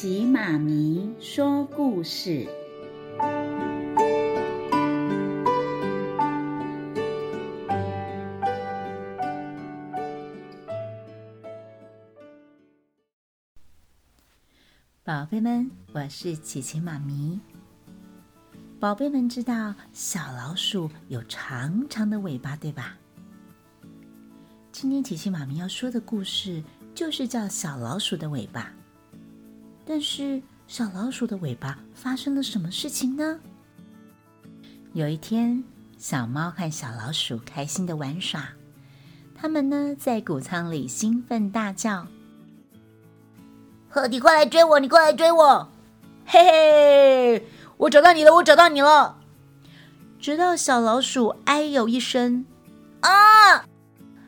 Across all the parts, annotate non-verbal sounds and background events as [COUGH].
琪媽咪說故事，寶貝們，我是琪琪媽咪。寶貝們知道小老鼠有長長的尾巴，對吧？今天琪琪媽咪要說的故事就是叫《小老鼠的尾巴》。但是小老鼠的尾巴發生了什麼事情呢？有一天，小貓和小老鼠開心的玩耍，他們呢在谷倉裡興奮大叫：“呵，你快來追我，你快來追我，嘿嘿，我找到你了，我找到你了！”直到小老鼠“哎呦”一聲，“啊，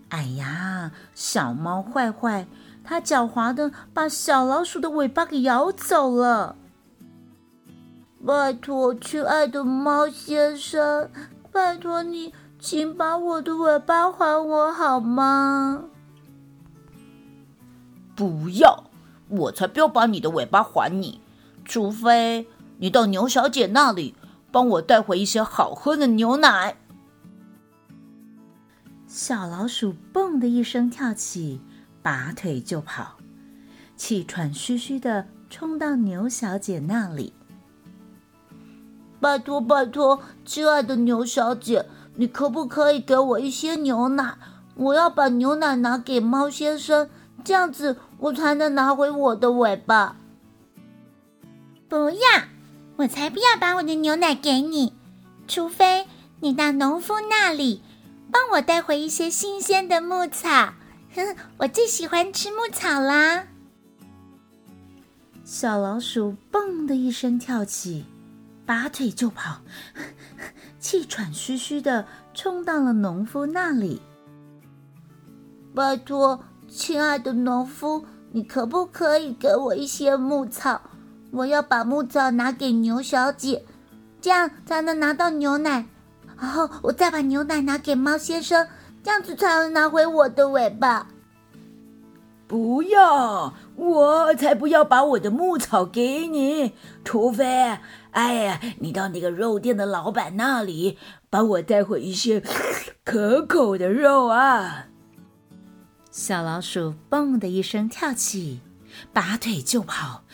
哎呀！”小貓壞壞。他狡猾的把小老鼠的尾巴給咬走了。拜託，親愛的貓先生，拜託你，請把我的尾巴還我好嗎？不要，我才不要把你的尾巴還你，除非你到牛小姐那裡幫我帶回一些好喝的牛奶。小老鼠“蹦”的一聲跳起。拔腿就跑，氣喘吁吁地衝到牛小姐那裡。拜托，拜托，親愛的牛小姐，你可不可以給我一些牛奶？我要把牛奶拿給貓先生，這樣子我才能拿回我的尾巴。不要，我才不要把我的牛奶給你，除非你到農夫那裡幫我帶回一些新鮮的牧草。哼， [LAUGHS] 我最喜歡吃牧草啦！小老鼠蹦的一聲跳起，拔腿就跑，氣喘吁吁的衝到了農夫那裡。拜托，親愛的農夫，你可不可以給我一些牧草？我要把牧草拿給牛小姐，這樣才能拿到牛奶，然後我再把牛奶拿給貓先生。這樣子才能拿回我的尾巴。不要，我才不要把我的牧草給你，除非，哎呀，你到那個肉店的老闆那裡，幫我帶回一些可口的肉啊！小老鼠“蹦”的一聲跳起，拔腿就跑，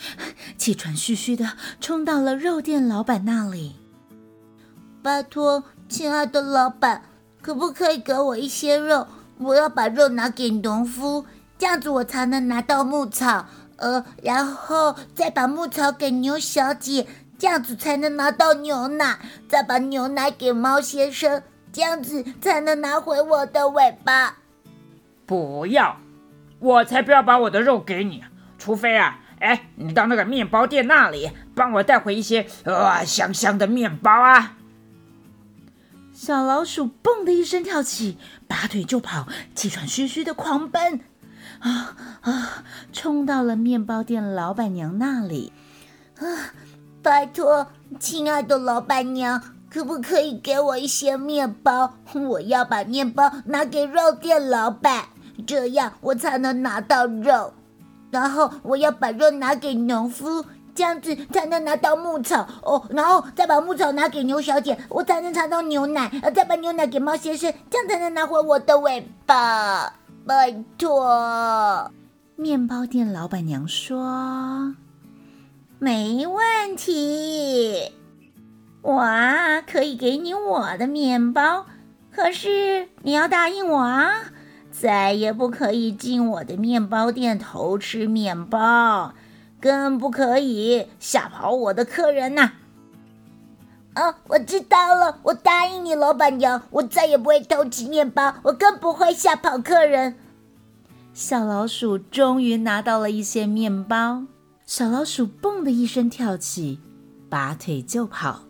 氣喘吁吁的衝到了肉店老闆那裡。拜託，親愛的老闆。可不可以給我一些肉？我要把肉拿給農夫，這樣子我才能拿到牧草。呃，然後再把牧草給牛小姐，這樣子才能拿到牛奶。再把牛奶給貓先生，這樣子才能拿回我的尾巴。不要，我才不要把我的肉給你。除非啊，哎，你到那個麵包店那裡幫我帶回一些呃，香香的麵包啊。小老鼠蹦的一聲跳起，拔腿就跑，氣喘吁吁的狂奔，啊啊！衝到了麵包店老闆娘那裡。啊、呃，拜託，親愛的老闆娘，可不可以給我一些麵包？我要把麵包拿給肉店老闆，這樣我才能拿到肉。然後我要把肉拿給農夫。這樣子才能拿到牧草哦，然後再把牧草拿給牛小姐，我才能嘗到牛奶，再把牛奶給貓先生，這樣才能拿回我的尾巴。拜託，麵包店老闆娘說：“沒問題，我啊可以給你我的麵包，可是你要答應我啊，再也不可以進我的麵包店偷吃麵包。”更不可以嚇跑我的客人吶、啊！啊、哦，我知道了，我答應你，老闆娘，我再也不會偷吃麵包，我更不會嚇跑客人。小老鼠終於拿到了一些麵包，小老鼠“蹦”的一聲跳起，拔腿就跑。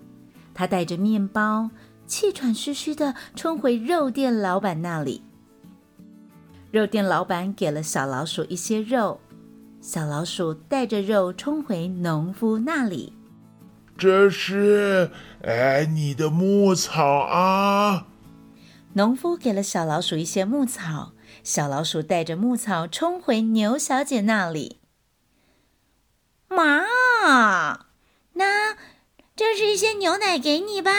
它帶着面包，氣喘吁吁地衝回肉店老闆那裡。肉店老闆給了小老鼠一些肉。小老鼠帶着肉衝回農夫那裡。這是哎，你的牧草啊！農夫給了小老鼠一些牧草。小老鼠帶着牧草衝回牛小姐那裡。媽，那這是一些牛奶給你吧。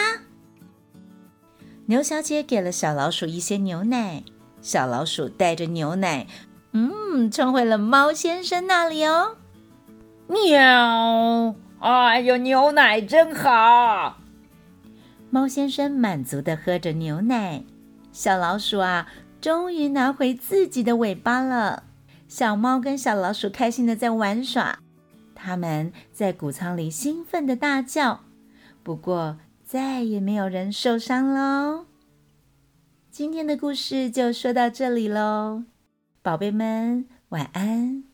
牛小姐給了小老鼠一些牛奶。小老鼠帶着牛奶。嗯，衝回了貓先生那裡哦。喵！哎呦，牛奶真好。貓先生滿足地喝着牛奶。小老鼠啊，終於拿回自己的尾巴了。小貓跟小老鼠開心地在玩耍，他們在谷倉裡興奮地大叫。不過再也沒有人受傷嘍。今天的故事就說到這裡嘍。寶貝們，晚安。